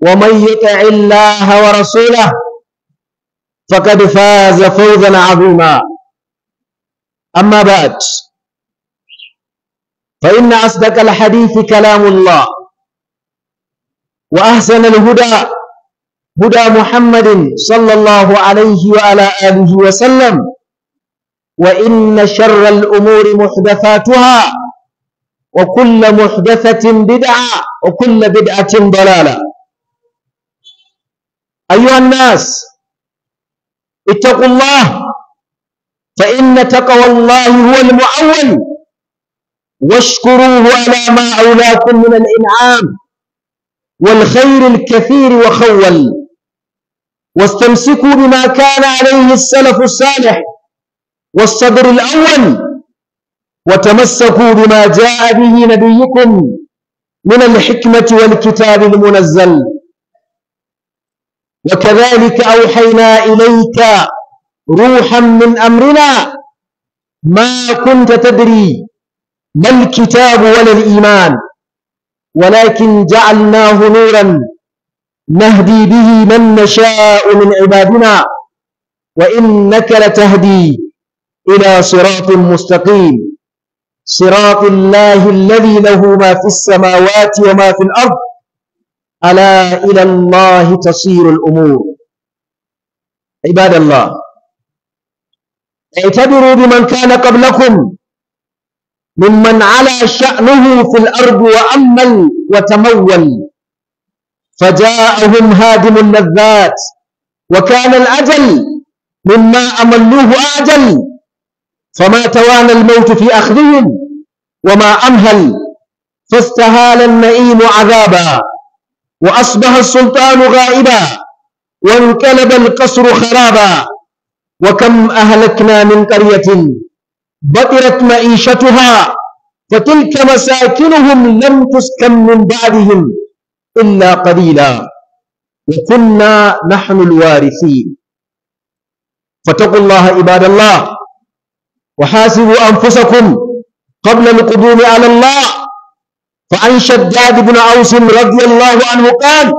ومن يطع الله ورسوله فقد فاز فوزا عظيما أما بعد فإن أصدق الحديث كلام الله وأحسن الهدى هدى محمد صلى الله عليه وعلى آله وسلم وإن شر الأمور محدثاتها وكل محدثة بدعة وكل بدعة ضلالة أيها الناس اتقوا الله فإن تقوى الله هو المعول واشكروه على ما أولاكم من الإنعام والخير الكثير وخول واستمسكوا بما كان عليه السلف الصالح والصدر الأول وتمسكوا بما جاء به نبيكم من الحكمة والكتاب المنزل وكذلك أوحينا إليك روحا من أمرنا ما كنت تدري ما الكتاب ولا الإيمان ولكن جعلناه نورا نهدي به من نشاء من عبادنا وإنك لتهدي إلى صراط مستقيم صراط الله الذي له ما في السماوات وما في الأرض ألا إلى الله تصير الأمور عباد الله اعتبروا بمن كان قبلكم ممن على شأنه في الأرض وأمل وتمول فجاءهم هادم اللذات وكان الأجل مما أملوه أعجل فما توانى الموت في أخذهم وما أمهل فاستهال النئيم عذابا وأصبح السلطان غائبا وانقلب القصر خرابا وكم أهلكنا من قرية بطرت معيشتها فتلك مساكنهم لم تسكن من بعدهم إلا قليلا وكنا نحن الوارثين فاتقوا الله عباد الله وحاسبوا أنفسكم قبل القدوم على الله فعن شداد بن أوس رضي الله عنه قال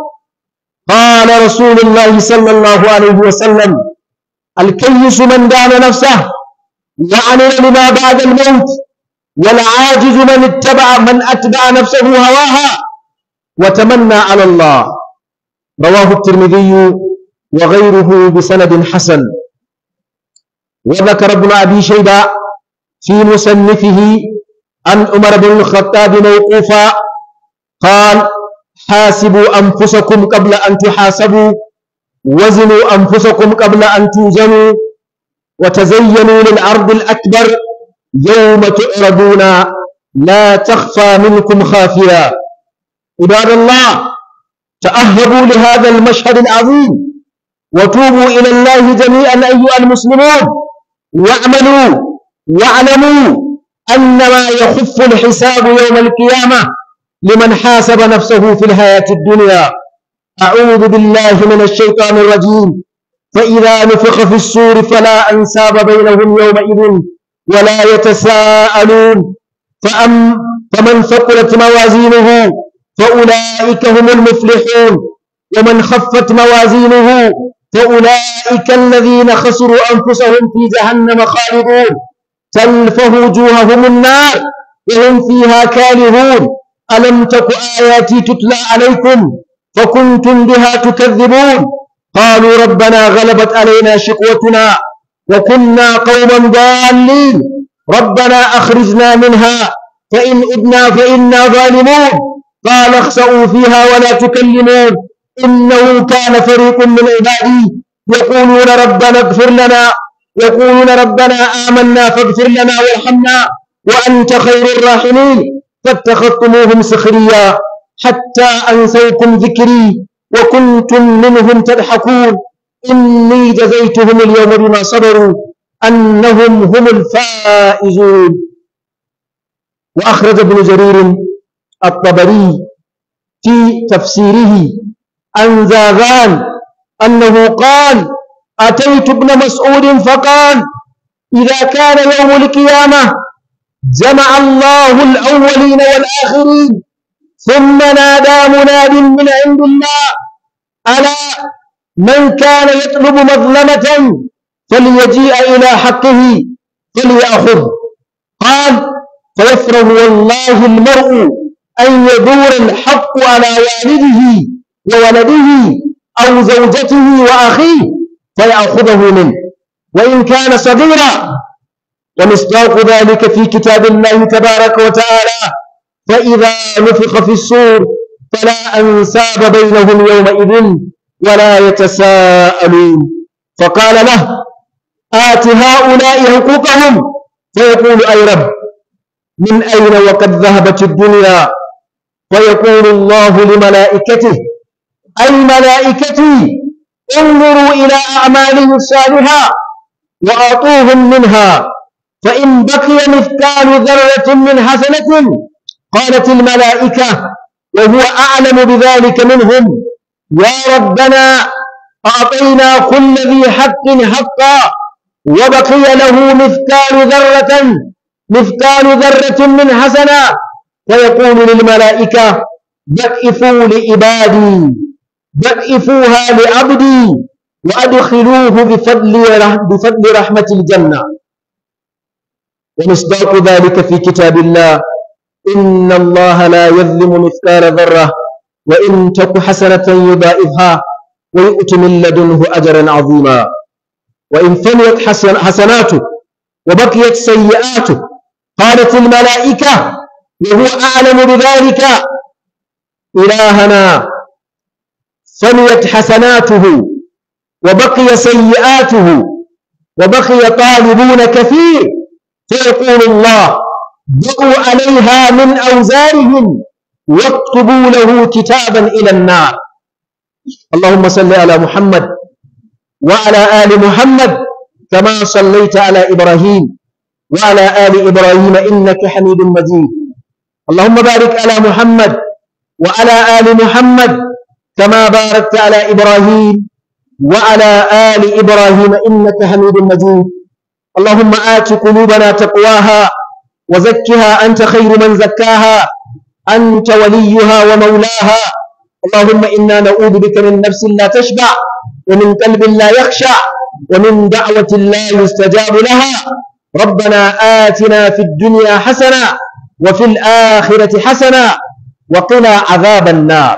قال رسول الله صلى الله عليه وسلم الكيس من دان نفسه يعني لما بعد الموت والعاجز من اتبع من أتبع نفسه هواها وتمنى على الله رواه الترمذي وغيره بسند حسن وذكر ابن أبي شيبة في مصنفه عن عمر بن الخطاب موقوفا قال حاسبوا أنفسكم قبل أن تحاسبوا وزنوا أنفسكم قبل أن توزنوا وتزينوا للعرض الأكبر يوم تعرضون لا تخفى منكم خافية عباد الله تأهبوا لهذا المشهد العظيم وتوبوا إلى الله جميعا أيها المسلمون واعملوا واعلموا أنما يخف الحساب يوم القيامة لمن حاسب نفسه في الحياة الدنيا أعوذ بالله من الشيطان الرجيم فإذا نفخ في الصور فلا أنساب بينهم يومئذ ولا يتساءلون فأم فمن ثقلت موازينه فأولئك هم المفلحون ومن خفت موازينه فأولئك الذين خسروا أنفسهم في جهنم خالدون تلفه وجوههم النار وهم فيها كارهون ألم تك آياتي تتلى عليكم فكنتم بها تكذبون قالوا ربنا غلبت علينا شقوتنا وكنا قوما ضالين ربنا أخرجنا منها فإن أدنا فإنا ظالمون قال اخسأوا فيها ولا تكلمون إنه كان فريق من عبادي يقولون ربنا اغفر لنا يقولون ربنا آمنا فاغفر لنا وارحمنا وأنت خير الراحمين فاتخذتموهم سخريا حتى أنسوكم ذكري وكنتم منهم تضحكون إني جزيتهم اليوم بما صبروا أنهم هم الفائزون وأخرج ابن جرير الطبري في تفسيره عن زاغان أنه قال أتيت ابن مسعود فقال إذا كان يوم القيامة جمع الله الأولين والآخرين ثم نادى مناد من عند الله ألا من كان يطلب مظلمة فليجيء إلى حقه فليأخذ قال فيفرغ والله المرء أن يدور الحق على والده وولده أو زوجته وأخيه فيأخذه منه وإن كان صغيرا ومصداق ذلك في كتاب الله تبارك وتعالى فإذا نفخ في الصور فلا أنساب بينهم يومئذ ولا يتساءلون فقال له آت هؤلاء حقوقهم فيقول أي رب من أين وقد ذهبت الدنيا فيقول الله لملائكته أي ملائكتي انظروا إلى أعماله الصالحة وأعطوهم منها فإن بقي مثقال ذرة من حسنة قالت الملائكة وهو أعلم بذلك منهم يا ربنا أعطينا كل ذي حق حقا وبقي له مثقال ذرة مثقال ذرة من حسنة فيقول للملائكة بكئفوا لعبادي ضعفوها لعبدي وأدخلوه بفضل بفضل رحمة الجنة ومصداق ذلك في كتاب الله إن الله لا يظلم مثقال ذرة وإن تك حسنة يضاعفها ويؤت من لدنه أجرا عظيما وإن فنيت حسناته وبقيت سيئاته قالت الملائكة وهو أعلم بذلك إلهنا فنيت حسناته وبقي سيئاته وبقي طالبون كثير فيقول الله ضعوا عليها من أوزارهم واكتبوا له كتابا إلى النار اللهم صل على محمد وعلى آل محمد كما صليت على إبراهيم وعلى آل إبراهيم إنك حميد مجيد اللهم بارك على محمد وعلى آل محمد كما باركت على إبراهيم وعلى آل إبراهيم إنك حميد مجيد اللهم آت قلوبنا تقواها وزكها أنت خير من زكاها أنت وليها ومولاها اللهم إنا نعوذ بك من نفس لا تشبع ومن قلب لا يخشع ومن دعوة لا يستجاب لها ربنا آتنا في الدنيا حسنة وفي الآخرة حسنة وقنا عذاب النار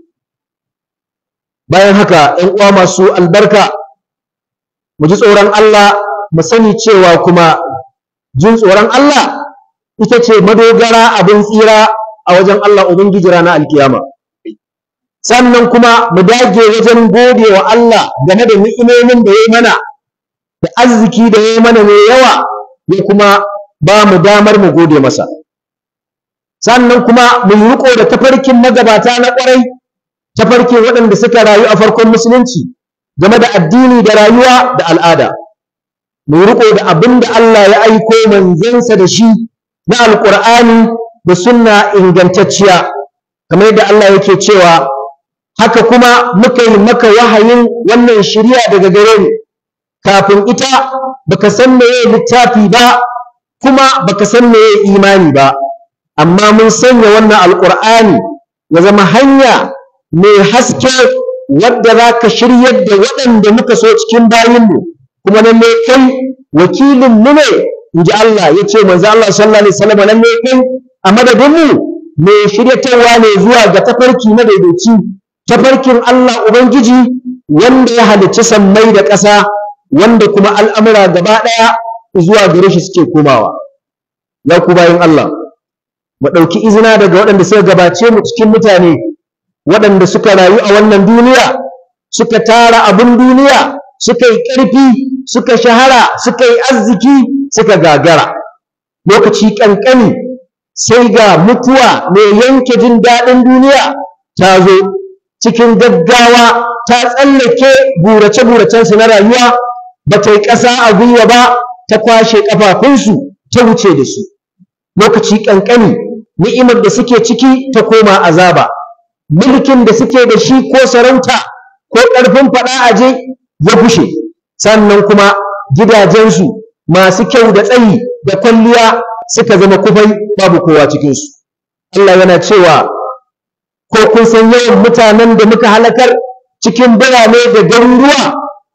bayan haka ‘yan uwa masu albarka mu ji tsoron Allah mu sani cewa kuma jin tsoron Allah ita ce madogara abin tsira a wajen Allah ubangiji na alkiyama sannan kuma mu dage wajen gode wa Allah game da ni'imomin da ya mana da arziki da ya mana mai yawa ya kuma ba mu damar mu gode masa sannan kuma mu yi riko da tafarkin magabata na ƙwarai Ta tafarkin waɗanda suka rayu a farkon musulunci game da addini da rayuwa da al'ada mu riko da abin da Allah ya aiko manzansa da shi na alqur'ani da sunna ingantacciya kamar yadda Allah yake cewa haka kuma muka yi maka wahayin wannan shari'a daga gare kafin ita baka san meye littafi ba kuma baka san meye imani ba amma mun sanya wannan alqur'ani ya zama hanya mai haske wanda za ka shiryar da waɗanda muka so cikin bayinmu kuma nan ne kai wakilin mu ne in ji Allah ya ce manzo Allah sallallahu alaihi wasallam nan ne kai a madadin mu mai shiryatarwa ne zuwa ga tafarki na daidaici tafarkin Allah ubangiji wanda ya halicci sammai da ƙasa wanda kuma al'amura gaba ɗaya zuwa gare shi suke komawa ya ku bayin Allah mu ɗauki izina daga waɗanda suka gabace mu cikin mutane waɗanda suka rayu a wannan duniya suka tara abin duniya suka yi ƙarfi suka shahara suka yi arziki suka gagara lokaci ƙanƙani sai ga mutuwa mai yanke jin daɗin duniya ta zo cikin gaggawa ta tsallake burace-buracensu na rayuwa ba ta yi ƙasa a gwiwa ba ta kwashe ƙafafunsu ta wuce da su lokaci ƙanƙani ni'imar da suke ciki ta koma azaba mulkin da suke da shi ko sarauta ko ƙarfin faɗa a aje ya fushe sannan kuma gidajensu masu kyau da tsayi da kwalliya suka zama kufai babu kowa cikinsu Allah yana cewa ko kun san yawan mutanen da muka halakar cikin birane da garuruwa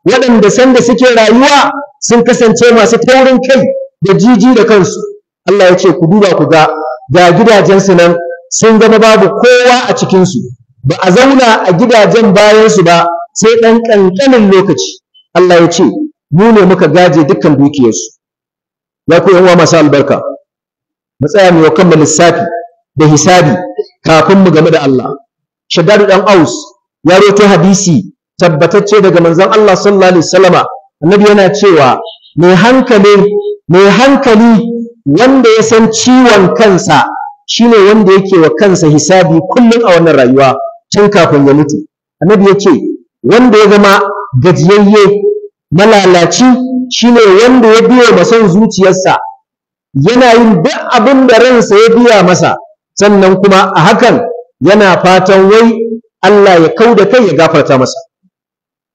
waɗanda sanda suke rayuwa sun kasance masu taurin kai da jiji da kansu Allah ya ce ku duba ku ga ga gidajensu nan sun zama babu kowa a cikinsu ba a zauna a gidajen bayansu ba sai ɗan ƙanƙanin lokaci Allah ya ce mu ne muka gaje dukkan dukiyarsu ya ku uwa masu albarka mu tsaya mu kan lissafi da hisabi kafin mu game da Allah shaddadu dan aus ya roto hadisi tabbatacce daga manzon Allah sallallahu alaihi wasallama annabi yana cewa mai hankali mai hankali wanda ya san ciwon kansa shine wanda yake wa kansa hisabi kullum a wannan rayuwa tun kafin ya mutu annabi yake wanda ya zama gajiyayye malalaci shine wanda ya biya masan zuciyarsa yana yin duk abin da ransa ya biya masa sannan kuma a hakan yana fatan wai Allah ya kauda kai ya gafarta masa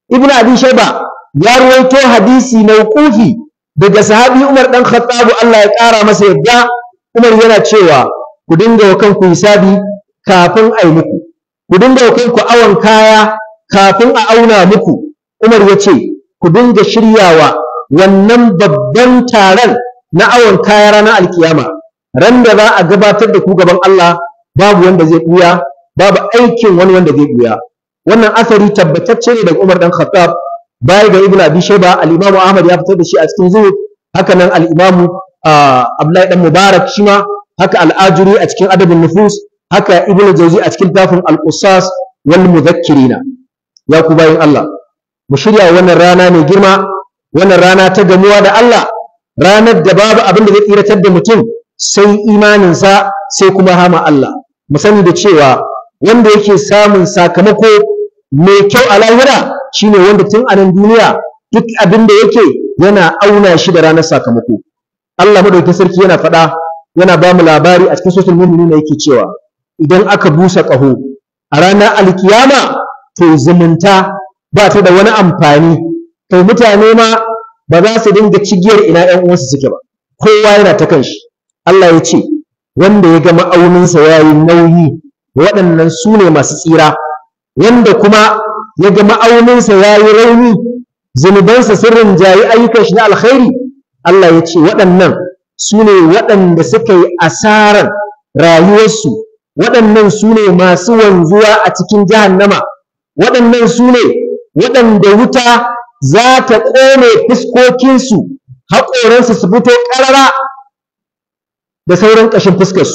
ibnu abi shayba ya ruwaito hadisi na mauqufi daga sahabi Umar dan Khattab Allah ya kara masa yadda Umar yana cewa ku dinga wa kanku hisabi kafin a yi muku ku dinga wa kanku awon kaya kafin a auna muku Umar ya ce ku dinga shiryawa wannan babban taron na awon kaya ranar alkiyama ran da za a gabatar da ku gaban Allah babu wanda zai buya babu aikin wani wanda zai buya wannan asari tabbatacce ne daga Umar dan Khattab baya ga Ibn Abi Shayba al-Imam Ahmad ya fitar da shi a cikin zuhud haka nan al-Imam ah, Abdullahi dan Mubarak shi ma haka al'ajuri a cikin adabin nufus haka ibn jauzi a cikin tafin al-qusas wal mudhakkirina ya ku bayin Allah mu shirya wannan rana mai girma wannan rana ta gamuwa da Allah ranar da babu abin da zai tsiratar da mutum sai imanin sa sai kuma hama Allah mu sani da cewa wanda yake samun sakamako mai kyau a lahira shine wanda tun anan duniya duk abin da yake yana auna shi da ranar sakamako Allah madaukakin sarki yana faɗa yana ba mu labari a cikin media ne yake cewa idan aka busa ƙaho a ranar alkiyama to zumunta ba ta da wani amfani to mutane ma ba za su dinga cigiyar ina ƴan uwansu suke ba kowa yana ta kanshi Allah ya ce wanda ya ga ma'auninsa ya yi nauyi waɗannan su ne masu tsira wanda kuma ya ga ma'auninsa ya yi rauni zunubansa sun rinjayi ayyukan shi na alkhairi Allah ya ce waɗannan su ne waɗanda suka yi asarar rayuwarsu waɗannan su ne masu wanzuwa a cikin jahannama waɗannan su ne waɗanda wuta za ta ƙone fuskokinsu haƙoransu su fito ƙarara da sauran ƙashin fuskarsu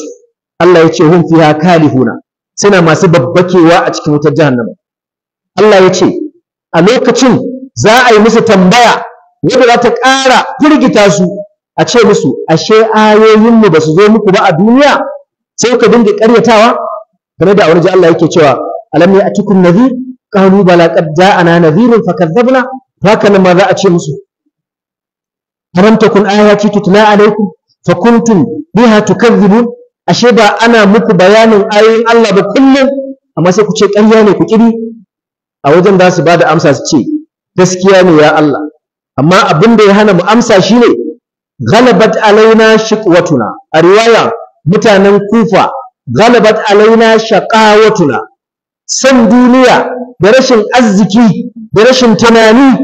Allah ya ce hum fiha kalihuna suna masu babbakewa a cikin wutar jahannama Allah ya ce a lokacin za a yi musu tambaya wadda za ta ƙara firgita su a ce musu ashe ayoyinmu ba su zo muku ba a duniya sai ka dinga karyatawa? kamar da wani Allah yake cewa alam ya atikum nadhir qalu bala qad ja'ana nadhirun fakadzabna haka nan ma za a ce musu alam takun ayati tutla alaikum fakuntum biha tukadzibun ashe ba ana muku bayanin ayoyin Allah ba kullum amma sai ku ce ƙarya ne ku kiri a wajen za su bada amsa su ce gaskiya ne ya Allah amma abin da ya hana mu amsa shine ghalabat alaina shiqwatuna a riwaya mutanen kufa ghalabat alaina shaqawatuna san duniya da rashin arziki da rashin tunani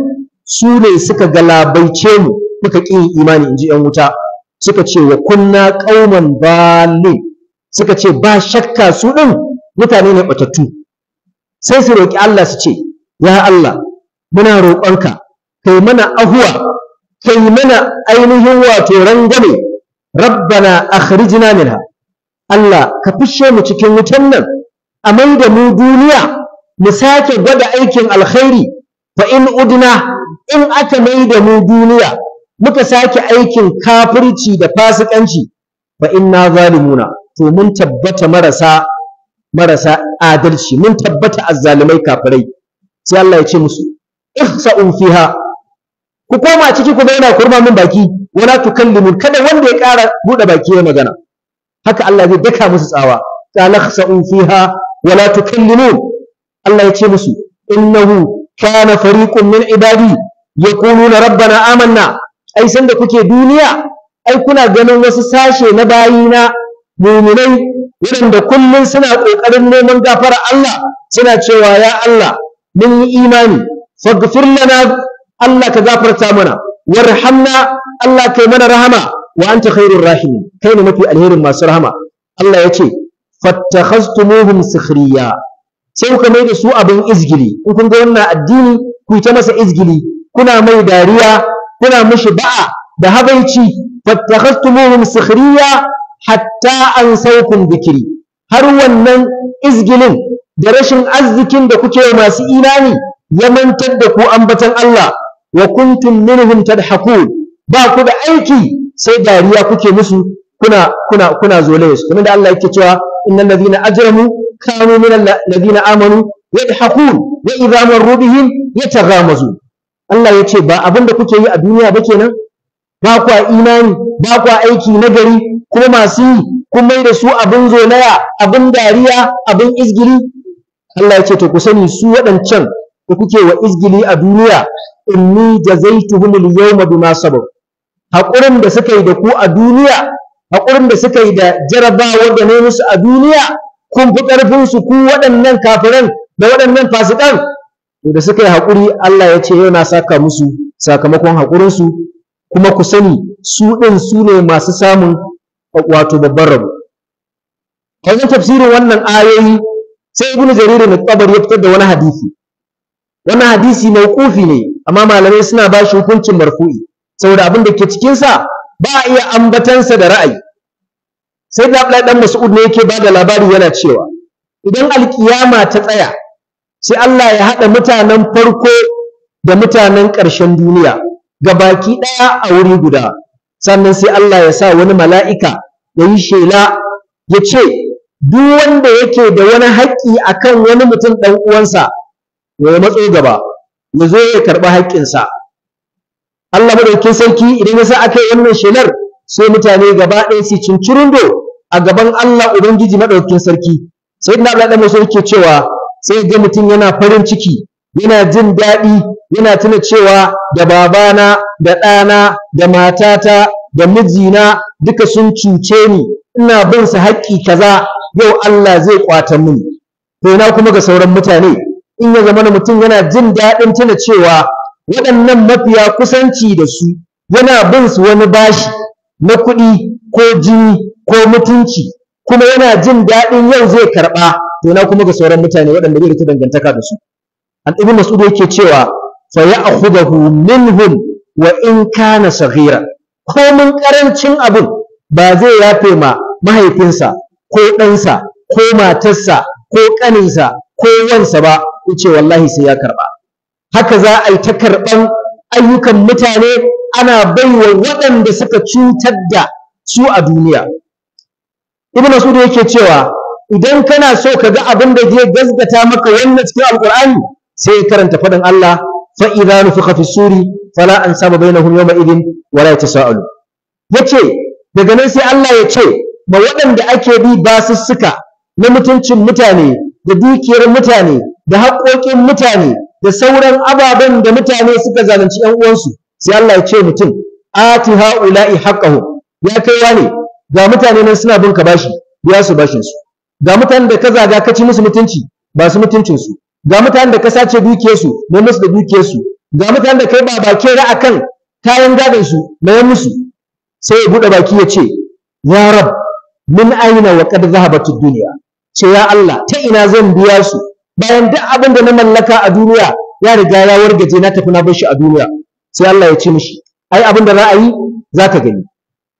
su ne suka galabaice mu muka ƙi imani inji yan wuta suka ce wa kunna qauman balin suka ce ba shakka su ɗin, mutane ne batattu sai su roki Allah su ce ya Allah muna roƙonka kai mana ahuwa kai mana ainihin wato rangane rabbana akhrijna minha Allah ka fishe mu cikin wutan nan a maida da mu duniya mu sake gwada aikin alkhairi fa in udna in aka mai da mu duniya muka sake aikin kafirci da fasikanci fa inna zalimuna to mun tabbata marasa marasa adalci mun tabbata azzalimai kafirai sai Allah ya ce musu ihsa'un fiha ku koma ciki ku daina kurma min baki wala tukallimun kada wanda ya ƙara buɗe baki ya magana haka Allah zai daka musu tsawa qala khsa'u fiha wala tukallimun Allah ya ce musu innahu kana fariqun min ibadi yaquluna rabbana amanna ai san da kuke duniya ai kuna ganin wasu sashe na bayina muminai waɗanda kullum suna ƙoƙarin neman gafara Allah suna cewa ya Allah mun yi imani faghfir lana Allah ka gafarta mana warhamna Allah kai mana rahama wa anta khairur rahim kai ne mafi alherin masu rahama Allah yace fattakhastumuhum sukhriya sai kuka mai da su abin izgili in kun ga wannan addini ku ta masa izgili kuna mai dariya kuna mishi ba'a da habaici fattakhastumuhum sukhriya hatta ansawkum bikiri. har wannan izgilin da rashin arzikin da kuke masu imani ya mantar da ku ambatan Allah wa kuntum minhum tadhakun ba ku da aiki sai dariya kuke musu kuna kuna kuna zole su kuma da Allah yake cewa innal ladina ajramu kanu min alladina amanu yadhakun wa idha marru bihim yataghamazu Allah yace ba abin da kuke yi a duniya ba kenan ba imani ba kwa aiki nagari kuma masu yi kun mai da su abin zolaya abin dariya abin izgiri. Allah ya ce to ku sani su waɗancan da kuke wa izgili a duniya inni jazaituhum al-yawma bima sabab haƙurin da suka yi da ku a duniya hakurin da suka yi da jarabawa da ne musu a duniya kun fi karfin su ku waɗannan kafiran da waɗannan fasikan to da suka yi hakuri Allah ya ce yana saka musu sakamakon hakurin su kuma ku sani su din su ne masu samun wato babbar rabo kan tafsirin wannan ayoyi sai ibnu jarir ne tabari ya fitar da wani hadisi wannan hadisi mai mauqufi ne amma malamai suna ba shi hukuncin marfu'i saboda abin da ke cikin sa ba a iya ambatansa da ra'ayi sai da Abdullahi dan Mas'ud ne yake bada labari yana cewa idan alkiyama ta tsaya sai Allah ya hada mutanen farko da mutanen ƙarshen duniya ga baki ɗaya a wuri guda sannan sai Allah ya sa wani mala'ika ya yi shela ya ce duk wanda yake da wani haƙƙi akan wani mutum ɗan uwansa ya matso gaba ya zo ya karɓi haƙƙinsa Allah madaukakin sarki idan ya sa aka yi wannan shelar sai mutane gaba ɗaya su do a gaban Allah ubangiji madaukin sarki sai da Allah da yake cewa sai ga mutum yana farin ciki yana jin daɗi yana tuna cewa da babana da ɗana da matata da mijina duka sun cuce ni ina bin su haƙƙi kaza yau Allah zai kwata mini to ina kuma ga sauran mutane in ya zama mutum yana jin daɗin tuna cewa waɗannan mafiya kusanci da su yana bin su wani bashi na kuɗi ko jini ko mutunci kuma yana jin daɗin yau zai karɓa to na kuma ga sauran mutane waɗanda bai da dangantaka da su an ibn mas'ud yake cewa fa ya'khudhu minhum wa in kana saghira komin karancin abin ba zai yafe ma mahaifinsa ko ɗansa ko matarsa ko kaninsa ko wansa ba yace wallahi sai ya karɓa haka za a yi ta karban ayyukan mutane ana baiwa waɗanda suka cutar da su a duniya ibnu mas'ud yake cewa idan kana so ka ga abin da zai gazgata maka wannan cikin alqur'ani sai ya karanta faɗin Allah fa idza nufikha fi suri fala ansaba bainahum yawma idin wala yatasaalu yace daga nan sai Allah ya ce ma waɗanda ake bi basussuka na mutuncin mutane da dukiyar mutane da haƙoƙin mutane da sauran ababen da mutane suka zalunci 'yan uwansu sai Allah ya ce mutum ati haula'i haƙaho. ya kai wani ga mutane nan suna bin ka bashi biya su bashin su ga mutanen da ka zaga ka ci musu mutunci ba su mutuncin su ga mutanen da ka sace dukiyar su ne musu da dukiyar su ga mutanen da kai ba bake ra akan kayan gadon su yi musu sai ya bude baki ya ce ya rab min aina wa qad zahabat ad-dunya ce ya Allah ta ina zan biya su bayan duk abin da na mallaka a duniya ya riga ya wargaje na tafi na bar shi a duniya sai Allah ya ce mishi ai abin da ra'ayi zaka gani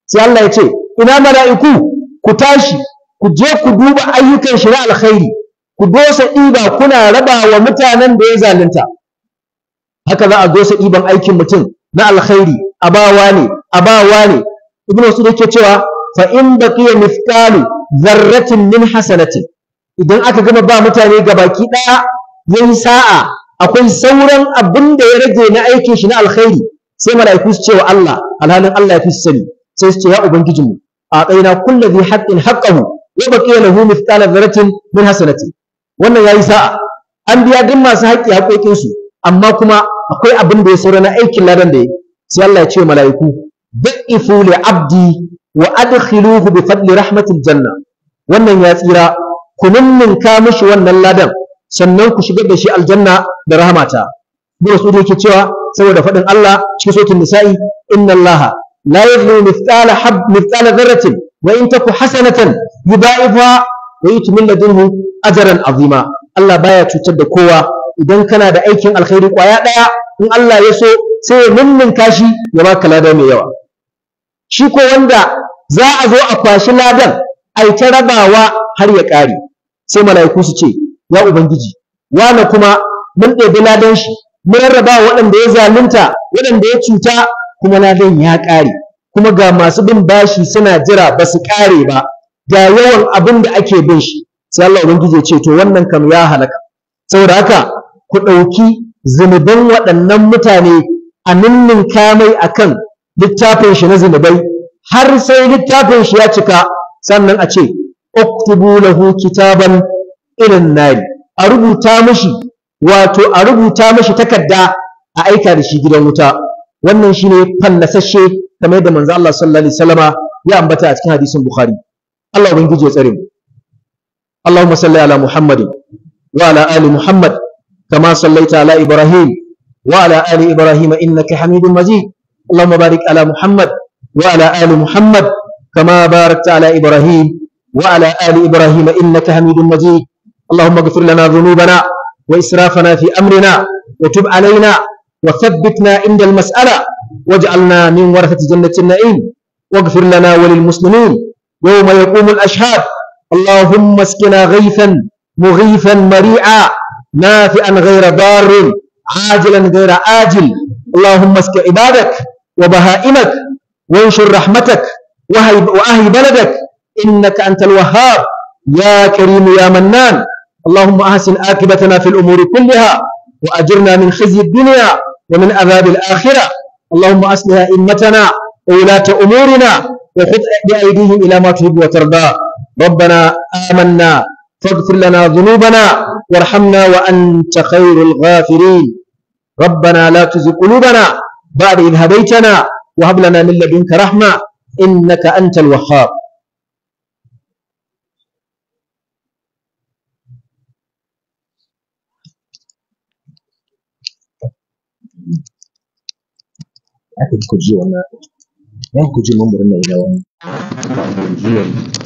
sai Allah ya ce ina mala'iku ku tashi ku je ku duba ayyukan shi na alkhairi ku dosa ɗiba kuna raba wa mutanen da ya zalunta haka za a dosa ɗiban aikin mutum na alkhairi a bawa ne a ne ibnu yake cewa fa in baqiya mithqalu dharratin min hasanatin idan aka gama ba mutane gabaki ɗaya, yin sa'a akwai sauran abin da ya rage na aikin shi na alkhairi sai mala'iku su ce wa Allah alhalin Allah ya fi sani sai su ce ya ubangijinmu a tsaina kullu dhi haqqin haqqahu wa baqiya lahu mithqala dharratin min hasanatin wannan yayi sa'a an biya duk masu haƙƙi haƙoƙin su amma kuma akwai abin da ya saurana na aikin ladan da ya sai Allah ya ce wa mala'iku da'ifu li abdi wa adkhiluhu bi fadli rahmatil janna wannan ya tsira ku ninninka mishi wannan ladan sannan ku shiga da shi aljanna da rahmata bin rasul yake cewa saboda faɗin Allah cikin suratul nisa'i inna allaha la yadhlu mithqala hab mithqala dharratin wa in taku hasanatan yudaifa wa yuti ladunhu ajran azima Allah baya cutar da kowa idan kana da aikin alkhairi kwaya daya in Allah ya so sai ya mummunka shi ya baka lada mai yawa shi ko wanda za a zo a kwashi ladan ai ta rabawa har ya ƙare sai mala'iku su ce ya ubangiji wani kuma mun ɗebi ladan shi mun raba waɗanda ya zalunta waɗanda ya cuta kuma ladan ya ƙare kuma ga masu bin bashi suna jira ba su ƙare ba ga yawan abin da ake bin shi sai Allah ubangiji ya ce to wannan kam ya halaka saboda haka ku ɗauki zunuban waɗannan mutane a ninnin kamai akan littafin shi na zunubai har sai littafin shi ya cika sannan a ce uktubu lahu kitaban ilan nari a rubuta mishi wato a rubuta mishi takarda a aika da shi gidan wuta wannan shine fallasasshe kamar yadda manzo Allah sallallahu alaihi wasallama ya ambata a cikin hadisin Bukhari Allah ubangiji ya tsare mu Allahumma salli ala Muhammadin wa ala ali Muhammad kama sallaita ala Ibrahim wa ala ali Ibrahim innaka Hamidum Majid Allahumma barik ala Muhammad وعلى آل محمد كما باركت على إبراهيم وعلى آل إبراهيم إنك حميد مجيد اللهم اغفر لنا ذنوبنا وإسرافنا في أمرنا وتب علينا وثبتنا عند المسألة واجعلنا من ورثة جنة النعيم واغفر لنا وللمسلمين يوم يقوم الأشهاد اللهم اسقنا غيثا مغيثا مريعا نافعا غير ضار عاجلا غير آجل اللهم اسق عبادك وبهائمك وانشر رحمتك وأهل بلدك إنك أنت الوهاب يا كريم يا منان اللهم أحسن آكبتنا في الأمور كلها وأجرنا من خزي الدنيا ومن عذاب الآخرة اللهم أصلح أئمتنا وولاة أمورنا وخذ بأيديهم إلى ما تحب وترضى ربنا آمنا فاغفر لنا ذنوبنا وارحمنا وأنت خير الغافرين ربنا لا تزغ قلوبنا بعد إذ هديتنا وهب لنا من لدنك رحمة إنك أنت الوهاب أكيد كل جيوانا يمكن جيوانا مرنا إلى وين